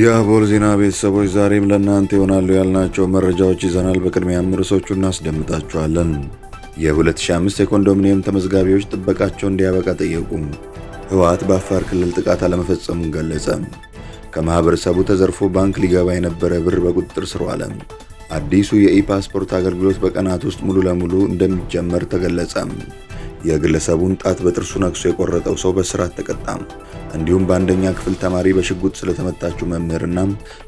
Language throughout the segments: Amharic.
የአቦል ዜና ቤተሰቦች ዛሬም ለእናንተ ይሆናሉ ያልናቸው መረጃዎች ይዘናል። በቅድሚያም ርዕሶቹ እናስደምጣችኋለን። የ2005 የኮንዶሚኒየም ተመዝጋቢዎች ጥበቃቸው እንዲያበቃ ጠየቁ። ህወሓት በአፋር ክልል ጥቃት አለመፈጸሙን ገለጸ። ከማኅበረሰቡ ተዘርፎ ባንክ ሊገባ የነበረ ብር በቁጥጥር ስር ዋለ። አዲሱ የኢ ፓስፖርት አገልግሎት በቀናት ውስጥ ሙሉ ለሙሉ እንደሚጀመር ተገለጸ። የግለሰቡን ጣት በጥርሱ ነክሶ የቆረጠው ሰው በስርዓት ተቀጣም። እንዲሁም በአንደኛ ክፍል ተማሪ በሽጉጥ ስለተመታችው መምህርና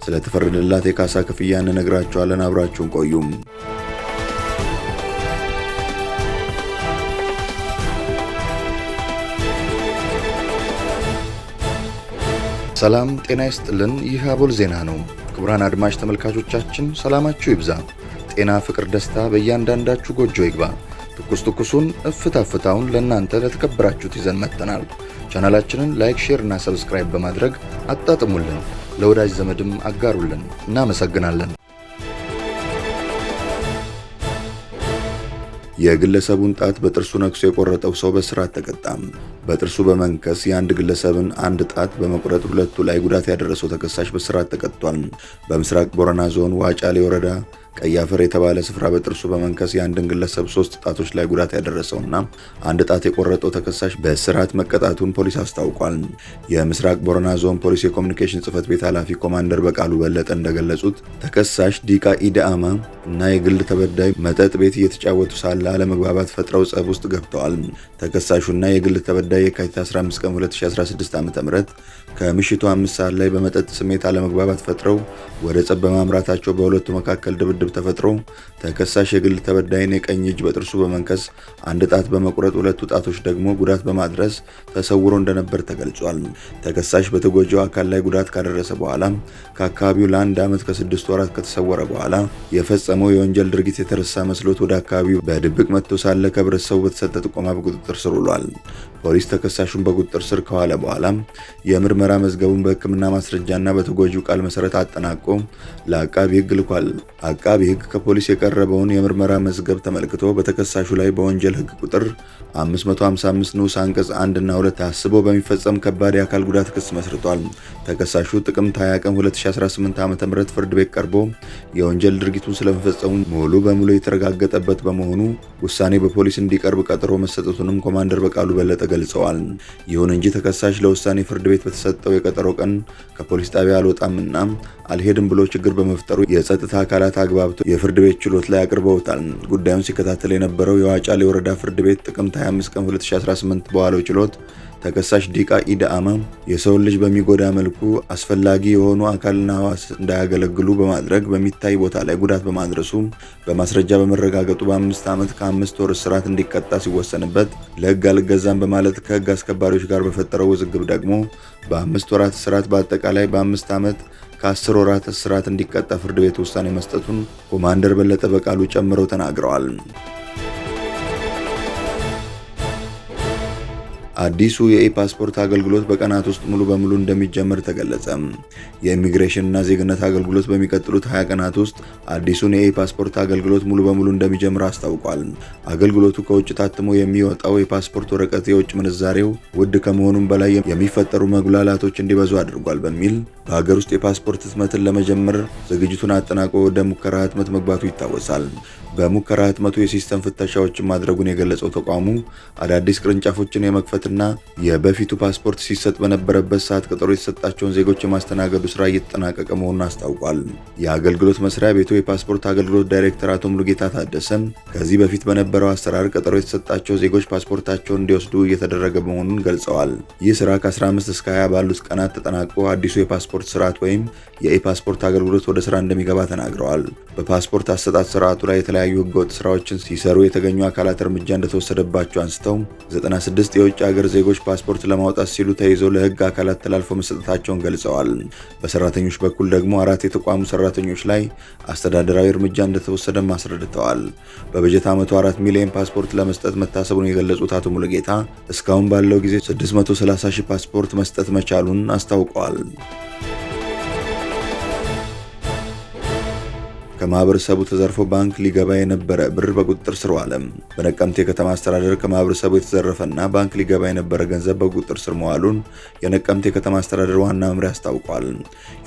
ስለተፈረደላት የካሳ ክፍያ እንነግራችኋለን። አብራችሁን ቆዩም። ሰላም ጤና ይስጥልን። ይህ አቦል ዜና ነው። ክቡራን አድማጭ ተመልካቾቻችን ሰላማችሁ ይብዛ፣ ጤና፣ ፍቅር፣ ደስታ በእያንዳንዳችሁ ጎጆ ይግባ። ትኩስ ትኩሱን እፍታ ፍታውን ለእናንተ ለተከበራችሁት ይዘን መጥተናል። ቻናላችንን ላይክ፣ ሼር እና ሰብስክራይብ በማድረግ አጣጥሙልን፣ ለወዳጅ ዘመድም አጋሩልን። እናመሰግናለን። የግለሰቡን ጣት በጥርሱ ነክሶ የቆረጠው ሰው በስርዓት ተቀጣም። በጥርሱ በመንከስ የአንድ ግለሰብን አንድ ጣት በመቁረጥ ሁለቱ ላይ ጉዳት ያደረሰው ተከሳሽ በስርዓት ተቀጥቷል። በምስራቅ ቦረና ዞን ዋጫሌ ወረዳ ቀይ አፈር የተባለ ስፍራ በጥርሱ በመንከስ የአንድን ግለሰብ ሶስት ጣቶች ላይ ጉዳት ያደረሰውና አንድ ጣት የቆረጠው ተከሳሽ በእስራት መቀጣቱን ፖሊስ አስታውቋል። የምስራቅ ቦረና ዞን ፖሊስ የኮሚኒኬሽን ጽህፈት ቤት ኃላፊ ኮማንደር በቃሉ በለጠ እንደገለጹት ተከሳሽ ዲቃ ኢደአማ እና የግል ተበዳይ መጠጥ ቤት እየተጫወቱ ሳለ አለመግባባት ፈጥረው ጸብ ውስጥ ገብተዋል። ተከሳሹና የግል ተበዳይ የካቲት 15 ቀን 2016 ዓ ም ከምሽቱ አምስት ሰዓት ላይ በመጠጥ ስሜት አለመግባባት ፈጥረው ወደ ጸብ በማምራታቸው በሁለቱ መካከል ድብድብ ገደብ ተፈጥሮ ተከሳሽ የግል ተበዳይን የቀኝ እጅ በጥርሱ በመንከስ አንድ ጣት በመቁረጥ ሁለቱ ጣቶች ደግሞ ጉዳት በማድረስ ተሰውሮ እንደነበር ተገልጿል። ተከሳሽ በተጎጂው አካል ላይ ጉዳት ካደረሰ በኋላ ከአካባቢው ለአንድ ዓመት ከስድስት ወራት ከተሰወረ በኋላ የፈጸመው የወንጀል ድርጊት የተረሳ መስሎት ወደ አካባቢው በድብቅ መጥቶ ሳለ ከህብረተሰቡ በተሰጠ ጥቆማ በቁጥጥር ስር ውሏል። ፖሊስ ተከሳሹን በቁጥጥር ስር ከዋለ በኋላ የምርመራ መዝገቡን በሕክምና ማስረጃና በተጎጂው ቃል መሰረት አጠናቆ ለአቃቢ ሕግ ልኳል። አቃቢ ሕግ ከፖሊስ የቀረበውን የምርመራ መዝገብ ተመልክቶ በተከሳሹ ላይ በወንጀል ሕግ ቁጥር 555 ንዑስ አንቀጽ 1 እና 2 ታስቦ በሚፈጸም ከባድ የአካል ጉዳት ክስ መስርቷል። ተከሳሹ ጥቅምት 20 ቀን 2018 ዓ ም ፍርድ ቤት ቀርቦ የወንጀል ድርጊቱን ስለመፈጸሙ ሙሉ በሙሉ የተረጋገጠበት በመሆኑ ውሳኔ በፖሊስ እንዲቀርብ ቀጠሮ መሰጠቱንም ኮማንደር በቃሉ በለጠ ተገልጸዋል። ይሁን እንጂ ተከሳሽ ለውሳኔ ፍርድ ቤት በተሰጠው የቀጠሮ ቀን ከፖሊስ ጣቢያ አልወጣምና አልሄድም ብሎ ችግር በመፍጠሩ የጸጥታ አካላት አግባብቶ የፍርድ ቤት ችሎት ላይ አቅርበውታል። ጉዳዩን ሲከታተል የነበረው የዋጫሌ ወረዳ ፍርድ ቤት ጥቅምት 25 ቀን 2018 በዋለው ችሎት ተከሳሽ ዲቃ ኢድ አማም የሰውን ልጅ በሚጎዳ መልኩ አስፈላጊ የሆኑ አካልና ሕዋስ እንዳያገለግሉ በማድረግ በሚታይ ቦታ ላይ ጉዳት በማድረሱ በማስረጃ በመረጋገጡ በአምስት ዓመት ከአምስት ወር እስራት እንዲቀጣ ሲወሰንበት ለሕግ አልገዛም በማለት ከሕግ አስከባሪዎች ጋር በፈጠረው ውዝግብ ደግሞ በአምስት ወራት እስራት በአጠቃላይ በአምስት ዓመት ከአስር ወራት እስራት እንዲቀጣ ፍርድ ቤት ውሳኔ መስጠቱን ኮማንደር በለጠ በቃሉ ጨምረው ተናግረዋል። አዲሱ የኢፓስፖርት አገልግሎት በቀናት ውስጥ ሙሉ በሙሉ እንደሚጀምር ተገለጸ። የኢሚግሬሽንና ዜግነት አገልግሎት በሚቀጥሉት 20 ቀናት ውስጥ አዲሱን የኢፓስፖርት አገልግሎት ሙሉ በሙሉ እንደሚጀምር አስታውቋል። አገልግሎቱ ከውጭ ታትሞ የሚወጣው የፓስፖርት ወረቀት የውጭ ምንዛሬው ውድ ከመሆኑም በላይ የሚፈጠሩ መጉላላቶች እንዲበዙ አድርጓል በሚል በሀገር ውስጥ የፓስፖርት ህትመትን ለመጀመር ዝግጅቱን አጠናቆ ወደ ሙከራ ህትመት መግባቱ ይታወሳል። በሙከራ ህትመቱ የሲስተም ፍተሻዎችን ማድረጉን የገለጸው ተቋሙ አዳዲስ ቅርንጫፎችን የመክፈት ፓስፖርትና የበፊቱ ፓስፖርት ሲሰጥ በነበረበት ሰዓት ቀጠሮ የተሰጣቸውን ዜጎች የማስተናገዱ ስራ እየተጠናቀቀ መሆኑን አስታውቋል። የአገልግሎት መስሪያ ቤቱ የፓስፖርት አገልግሎት ዳይሬክተር አቶ ሙሉጌታ ታደሰም ከዚህ በፊት በነበረው አሰራር ቀጠሮ የተሰጣቸው ዜጎች ፓስፖርታቸውን እንዲወስዱ እየተደረገ መሆኑን ገልጸዋል። ይህ ስራ ከ15 እስከ 20 ባሉት ቀናት ተጠናቆ አዲሱ የፓስፖርት ስርዓት ወይም የኢፓስፖርት አገልግሎት ወደ ስራ እንደሚገባ ተናግረዋል። በፓስፖርት አሰጣጥ ስርዓቱ ላይ የተለያዩ ህገወጥ ስራዎችን ሲሰሩ የተገኙ አካላት እርምጃ እንደተወሰደባቸው አንስተው 96 የውጭ ሀገር ሀገር ዜጎች ፓስፖርት ለማውጣት ሲሉ ተይዘው ለህግ አካላት ተላልፎ መሰጠታቸውን ገልጸዋል። በሰራተኞች በኩል ደግሞ አራት የተቋሙ ሰራተኞች ላይ አስተዳደራዊ እርምጃ እንደተወሰደ አስረድተዋል። በበጀት ዓመቱ አራት ሚሊዮን ፓስፖርት ለመስጠት መታሰቡን የገለጹት አቶ ሙሉጌታ እስካሁን ባለው ጊዜ 630 ሺህ ፓስፖርት መስጠት መቻሉን አስታውቀዋል። ከማህበረሰቡ ተዘርፎ ባንክ ሊገባ የነበረ ብር በቁጥጥር ስር ዋለ። በነቀምቴ ከተማ አስተዳደር ከማህበረሰቡ የተዘረፈና ባንክ ሊገባ የነበረ ገንዘብ በቁጥጥር ስር መዋሉን የነቀምቴ ከተማ አስተዳደር ዋና መምሪያ አስታውቋል።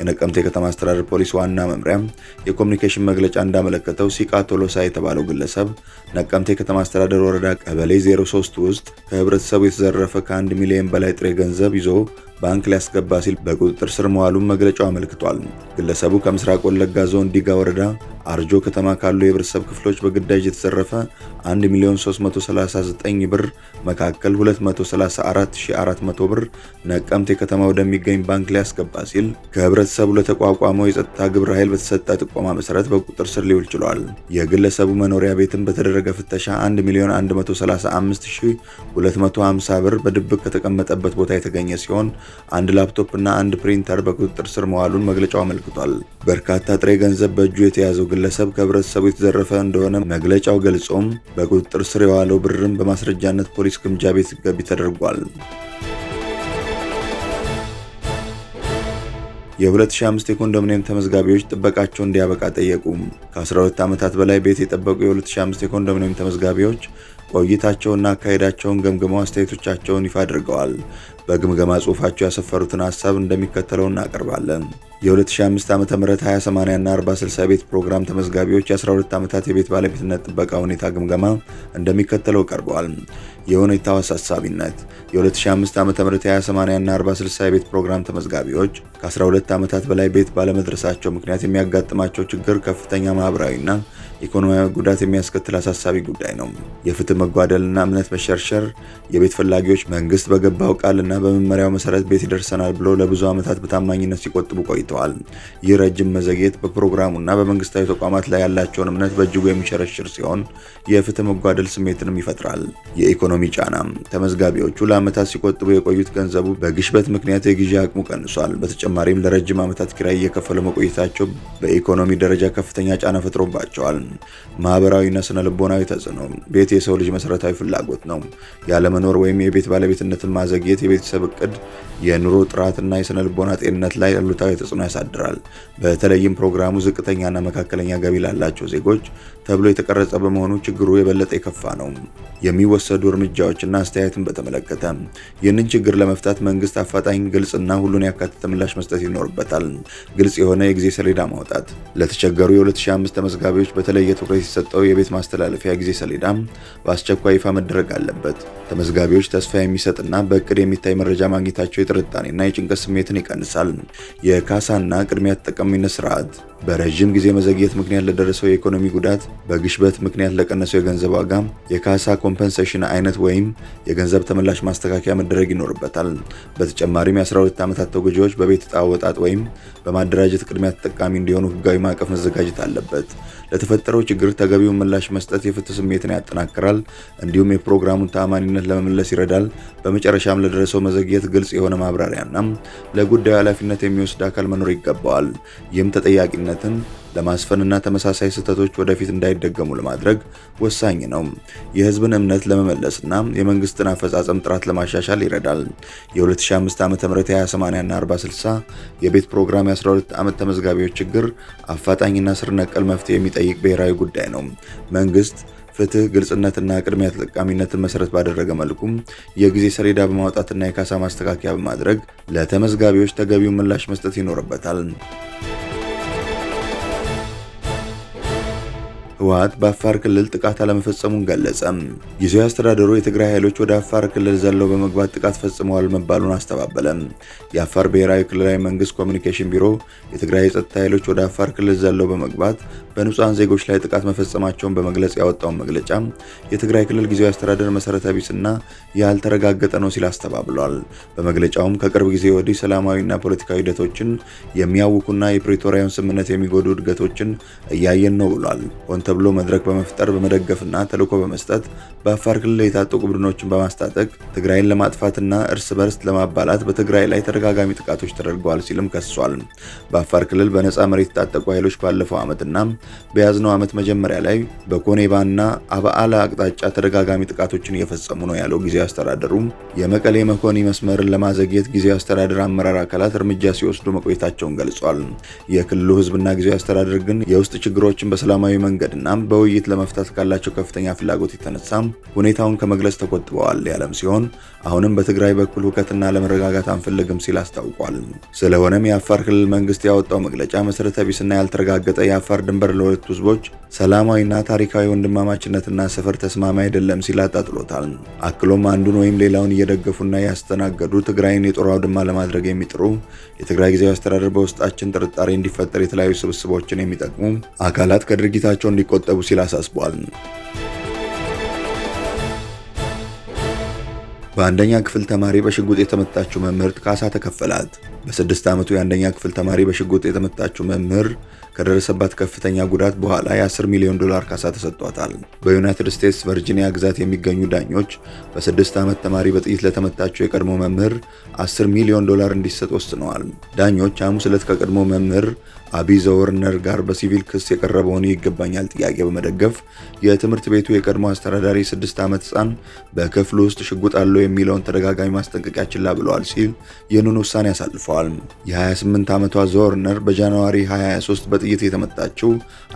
የነቀምቴ ከተማ አስተዳደር ፖሊስ ዋና መምሪያ የኮሚኒኬሽን መግለጫ እንዳመለከተው ሲቃ ቶሎሳ የተባለው ግለሰብ ነቀምቴ የከተማ አስተዳደር ወረዳ ቀበሌ 03 ውስጥ ከህብረተሰቡ የተዘረፈ ከ1 ሚሊዮን በላይ ጥሬ ገንዘብ ይዞ ባንክ ሊያስገባ ሲል በቁጥጥር ስር መዋሉን መግለጫው አመልክቷል። ግለሰቡ ከምስራቅ ወለጋ ዞን ዲጋ ወረዳ አርጆ ከተማ ካሉ የህብረተሰብ ክፍሎች በግዳጅ የተዘረፈ 1 ሚሊዮን 339 ብር መካከል 234400 ብር ነቀምቴ ከተማ ወደሚገኝ ባንክ ሊያስገባ ሲል ከህብረተሰቡ ለተቋቋመው የጸጥታ ግብረ ኃይል በተሰጠ ጥቆማ መሰረት በቁጥር ስር ሊውል ችሏል። የግለሰቡ መኖሪያ ቤትም በተደረገ ፍተሻ 1 ሚሊዮን 135250 ብር በድብቅ ከተቀመጠበት ቦታ የተገኘ ሲሆን አንድ ላፕቶፕ እና አንድ ፕሪንተር በቁጥጥር ስር መዋሉን መግለጫው አመልክቷል። በርካታ ጥሬ ገንዘብ በእጁ የተያዘው ግለሰብ ከህብረተሰቡ የተዘረፈ እንደሆነ መግለጫው ገልጾም በቁጥጥር ስር የዋለው ብርም በማስረጃነት ፖሊስ ግምጃ ቤት ገቢ ተደርጓል። የ2005 የኮንዶሚኒየም ተመዝጋቢዎች ጥበቃቸው እንዲያበቃ ጠየቁ። ከ12 ዓመታት በላይ ቤት የጠበቁ የ2005 የኮንዶሚኒየም ተመዝጋቢዎች ቆይታቸውና አካሄዳቸውን ገምግመው አስተያየቶቻቸውን ይፋ አድርገዋል። በግምገማ ጽሑፋቸው ያሰፈሩትን ሀሳብ እንደሚከተለው እናቀርባለን። የ2005 ዓ.ም 20/80 እና 40/60 ቤት ፕሮግራም ተመዝጋቢዎች የ12 ዓመታት የቤት ባለቤትነት ጥበቃ ሁኔታ ግምገማ እንደሚከተለው ቀርበዋል። የሁኔታው አሳሳቢነት የ2005 ዓ.ም 20/80 እና 40/60 የቤት ፕሮግራም ተመዝጋቢዎች ከ12 ዓመታት በላይ ቤት ባለመድረሳቸው ምክንያት የሚያጋጥማቸው ችግር ከፍተኛ ማህበራዊና ኢኮኖሚያዊ ጉዳት የሚያስከትል አሳሳቢ ጉዳይ ነው። የፍትህ መጓደልና እምነት መሸርሸር የቤት ፈላጊዎች መንግስት በገባው ቃልና በመመሪያው መሰረት ቤት ይደርሰናል ብሎ ለብዙ ዓመታት በታማኝነት ሲቆጥቡ ቆይተዋል። አመልክተዋል። ይህ ረጅም መዘግየት በፕሮግራሙና በመንግስታዊ ተቋማት ላይ ያላቸውን እምነት በእጅጉ የሚሸረሽር ሲሆን የፍትህ መጓደል ስሜትንም ይፈጥራል። የኢኮኖሚ ጫና ተመዝጋቢዎቹ ለአመታት ሲቆጥቡ የቆዩት ገንዘቡ በግሽበት ምክንያት የግዢ አቅሙ ቀንሷል። በተጨማሪም ለረጅም ዓመታት ኪራይ እየከፈሉ መቆየታቸው በኢኮኖሚ ደረጃ ከፍተኛ ጫና ፈጥሮባቸዋል። ማህበራዊና ስነ ልቦናዊ ተጽዕኖ ቤት የሰው ልጅ መሰረታዊ ፍላጎት ነው። ያለመኖር ወይም የቤት ባለቤትነትን ማዘግየት የቤተሰብ እቅድ፣ የኑሮ ጥራትና የስነ ልቦና ጤንነት ላይ አሉታዊ ተጽዕኖ ተጽዕኖ ያሳድራል። በተለይም ፕሮግራሙ ዝቅተኛና መካከለኛ ገቢ ላላቸው ዜጎች ተብሎ የተቀረጸ በመሆኑ ችግሩ የበለጠ የከፋ ነው። የሚወሰዱ እርምጃዎችና አስተያየትን በተመለከተ ይህንን ችግር ለመፍታት መንግስት አፋጣኝ፣ ግልጽና ሁሉን ያካተተ ምላሽ መስጠት ይኖርበታል። ግልጽ የሆነ የጊዜ ሰሌዳ ማውጣት፣ ለተቸገሩ የ2005 ተመዝጋቢዎች በተለየ ትኩረት የተሰጠው የቤት ማስተላለፊያ ጊዜ ሰሌዳ በአስቸኳይ ይፋ መደረግ አለበት። ተመዝጋቢዎች ተስፋ የሚሰጥና በእቅድ የሚታይ መረጃ ማግኘታቸው የጥርጣኔና የጭንቀት ስሜትን ይቀንሳል። የካሳ ዳሰሳና ቅድሚያ ተጠቃሚነት ስርዓት በረዥም ጊዜ መዘግየት ምክንያት ለደረሰው የኢኮኖሚ ጉዳት፣ በግሽበት ምክንያት ለቀነሰው የገንዘብ ዋጋም የካሳ ኮምፐንሴሽን አይነት ወይም የገንዘብ ተመላሽ ማስተካከያ መደረግ ይኖርበታል። በተጨማሪም የ12 ዓመታት ተጎጂዎች በቤት ዕጣ አወጣጥ ወይም በማደራጀት ቅድሚያ ተጠቃሚ እንዲሆኑ ህጋዊ ማዕቀፍ መዘጋጀት አለበት። ለተፈጠረው ችግር ተገቢውን ምላሽ መስጠት የፍትህ ስሜትን ያጠናክራል፣ እንዲሁም የፕሮግራሙን ተአማኒነት ለመመለስ ይረዳል። በመጨረሻም ለደረሰው መዘግየት ግልጽ የሆነ ማብራሪያና ለጉዳዩ ኃላፊነት የሚወስድ አካል መኖር ይገባዋል። ይህም ተጠያቂነትን ለማስፈንና ተመሳሳይ ስህተቶች ወደፊት እንዳይደገሙ ለማድረግ ወሳኝ ነው። የህዝብን እምነት ለመመለስና የመንግስትን አፈጻጸም ጥራት ለማሻሻል ይረዳል። የ2005 ዓ ም የ 20 ና 60 የቤት ፕሮግራም የ12 ዓመት ተመዝጋቢዎች ችግር አፋጣኝና ስር ነቀል መፍትሄ የሚጠይቅ ብሔራዊ ጉዳይ ነው። መንግስት ፍትህ፣ ግልጽነትና ቅድሚያ ተጠቃሚነትን መሰረት ባደረገ መልኩም የጊዜ ሰሌዳ በማውጣትና የካሳ ማስተካከያ በማድረግ ለተመዝጋቢዎች ተገቢውን ምላሽ መስጠት ይኖርበታል። ህወሓት በአፋር ክልል ጥቃት አለመፈጸሙን ገለጸ። ጊዜያዊ አስተዳደሩ የትግራይ ኃይሎች ወደ አፋር ክልል ዘለው በመግባት ጥቃት ፈጽመዋል መባሉን አስተባበለ። የአፋር ብሔራዊ ክልላዊ መንግስት ኮሚኒኬሽን ቢሮ የትግራይ የጸጥታ ኃይሎች ወደ አፋር ክልል ዘለው በመግባት በንጹሐን ዜጎች ላይ ጥቃት መፈጸማቸውን በመግለጽ ያወጣውን መግለጫ የትግራይ ክልል ጊዜያዊ አስተዳደር መሰረተ ቢስና ያልተረጋገጠ ነው ሲል አስተባብሏል። በመግለጫውም ከቅርብ ጊዜ ወዲህ ሰላማዊና ፖለቲካዊ ሂደቶችን የሚያውኩና የፕሪቶሪያውን ስምምነት የሚጎዱ እድገቶችን እያየን ነው ብሏል። ተብሎ መድረክ በመፍጠር በመደገፍና ተልዕኮ በመስጠት በአፋር ክልል የታጠቁ ቡድኖችን በማስታጠቅ ትግራይን ለማጥፋትና እርስ በርስ ለማባላት በትግራይ ላይ ተደጋጋሚ ጥቃቶች ተደርገዋል ሲልም ከሷል። በአፋር ክልል በነፃ መሬት የታጠቁ ኃይሎች ባለፈው ዓመትና በያዝነው ዓመት መጀመሪያ ላይ በኮኔባና አበአላ አቅጣጫ ተደጋጋሚ ጥቃቶችን እየፈጸሙ ነው ያለው ጊዜ አስተዳደሩ የመቀሌ መኮኒ መስመርን ለማዘግየት ጊዜ አስተዳደር አመራር አካላት እርምጃ ሲወስዱ መቆየታቸውን ገልጿል። የክልሉ ህዝብና ጊዜ አስተዳደር ግን የውስጥ ችግሮችን በሰላማዊ መንገድ መንገድና በውይይት ለመፍታት ካላቸው ከፍተኛ ፍላጎት የተነሳም ሁኔታውን ከመግለጽ ተቆጥበዋል ያለም ሲሆን አሁንም በትግራይ በኩል ሁከትና ለመረጋጋት አንፈልግም ሲል አስታውቋል። ስለሆነም የአፋር ክልል መንግስት ያወጣው መግለጫ መሰረተ ቢስና ያልተረጋገጠ የአፋር ድንበር ለሁለቱ ህዝቦች ሰላማዊና ታሪካዊ ወንድማማችነትና ሰፈር ተስማሚ አይደለም ሲል አጣጥሎታል። አክሎም አንዱን ወይም ሌላውን እየደገፉና ያስተናገዱ ትግራይን የጦር አውድማ ለማድረግ የሚጥሩ የትግራይ ጊዜያዊ አስተዳደር በውስጣችን ጥርጣሬ እንዲፈጠር የተለያዩ ስብስቦችን የሚጠቅሙ አካላት ከድርጊታቸው እንዲ እንዲቆጠቡ ሲል አሳስቧል። በአንደኛ ክፍል ተማሪ በሽጉጥ የተመታችው መምህር ካሳ ተከፈላት። በስድስት ዓመቱ የአንደኛ ክፍል ተማሪ በሽጉጥ የተመታችው መምህር ከደረሰባት ከፍተኛ ጉዳት በኋላ የ10 ሚሊዮን ዶላር ካሳ ተሰጥቷታል። በዩናይትድ ስቴትስ ቨርጂኒያ ግዛት የሚገኙ ዳኞች በስድስት ዓመት ተማሪ በጥይት ለተመታችው የቀድሞ መምህር 10 ሚሊዮን ዶላር እንዲሰጥ ወስነዋል። ዳኞች ሐሙስ ዕለት ከቀድሞ መምህር አቢ ዘወርነር ጋር በሲቪል ክስ የቀረበውን ይገባኛል ጥያቄ በመደገፍ የትምህርት ቤቱ የቀድሞ አስተዳዳሪ ስድስት ዓመት ህፃን በክፍሉ ውስጥ ሽጉጥ አለው የሚለውን ተደጋጋሚ ማስጠንቀቂያ ችላ ብለዋል ሲል ይህንን ውሳኔ አሳልፈዋል። የ28 ዓመቷ ዘወርነር በጃንዋሪ 23 በጥይት የተመጣችው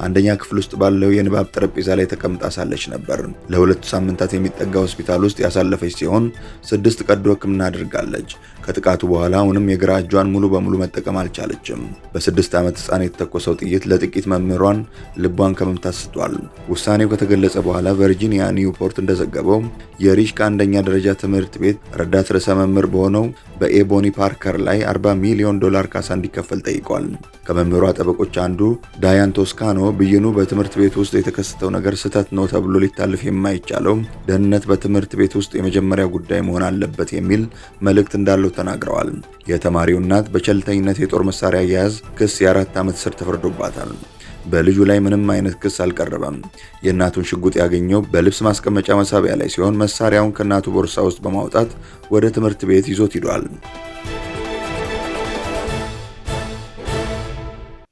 አንደኛ ክፍል ውስጥ ባለው የንባብ ጠረጴዛ ላይ ተቀምጣ ሳለች ነበር። ለሁለቱ ሳምንታት የሚጠጋ ሆስፒታል ውስጥ ያሳለፈች ሲሆን ስድስት ቀዶ ህክምና አድርጋለች። ከጥቃቱ በኋላ አሁንም የግራ እጇን ሙሉ በሙሉ መጠቀም አልቻለችም። በስድስት ዓመት ሕፃን የተተኮሰው ጥይት ለጥቂት መምህሯን ልቧን ከመምታት ስቷል። ውሳኔው ከተገለጸ በኋላ ቨርጂኒያ ኒውፖርት እንደዘገበው የሪች ከአንደኛ ደረጃ ትምህርት ቤት ረዳት ርዕሰ መምህር በሆነው በኤቦኒ ፓርከር ላይ 40 ሚሊዮን ዶላር ካሳ እንዲከፈል ጠይቋል። ከመምህሯ ጠበቆች አንዱ ዳያን ቶስካኖ ብይኑ በትምህርት ቤት ውስጥ የተከሰተው ነገር ስህተት ነው ተብሎ ሊታልፍ የማይቻለው ደህንነት በትምህርት ቤት ውስጥ የመጀመሪያ ጉዳይ መሆን አለበት የሚል መልእክት እንዳለው ተናግረዋል። የተማሪው እናት በቸልተኝነት የጦር መሳሪያ አያያዝ ክስ የአራት የ ዓመት እስር ተፈርዶባታል። በልጁ ላይ ምንም አይነት ክስ አልቀረበም። የእናቱን ሽጉጥ ያገኘው በልብስ ማስቀመጫ መሳቢያ ላይ ሲሆን መሳሪያውን ከእናቱ ቦርሳ ውስጥ በማውጣት ወደ ትምህርት ቤት ይዞት ሂዷል።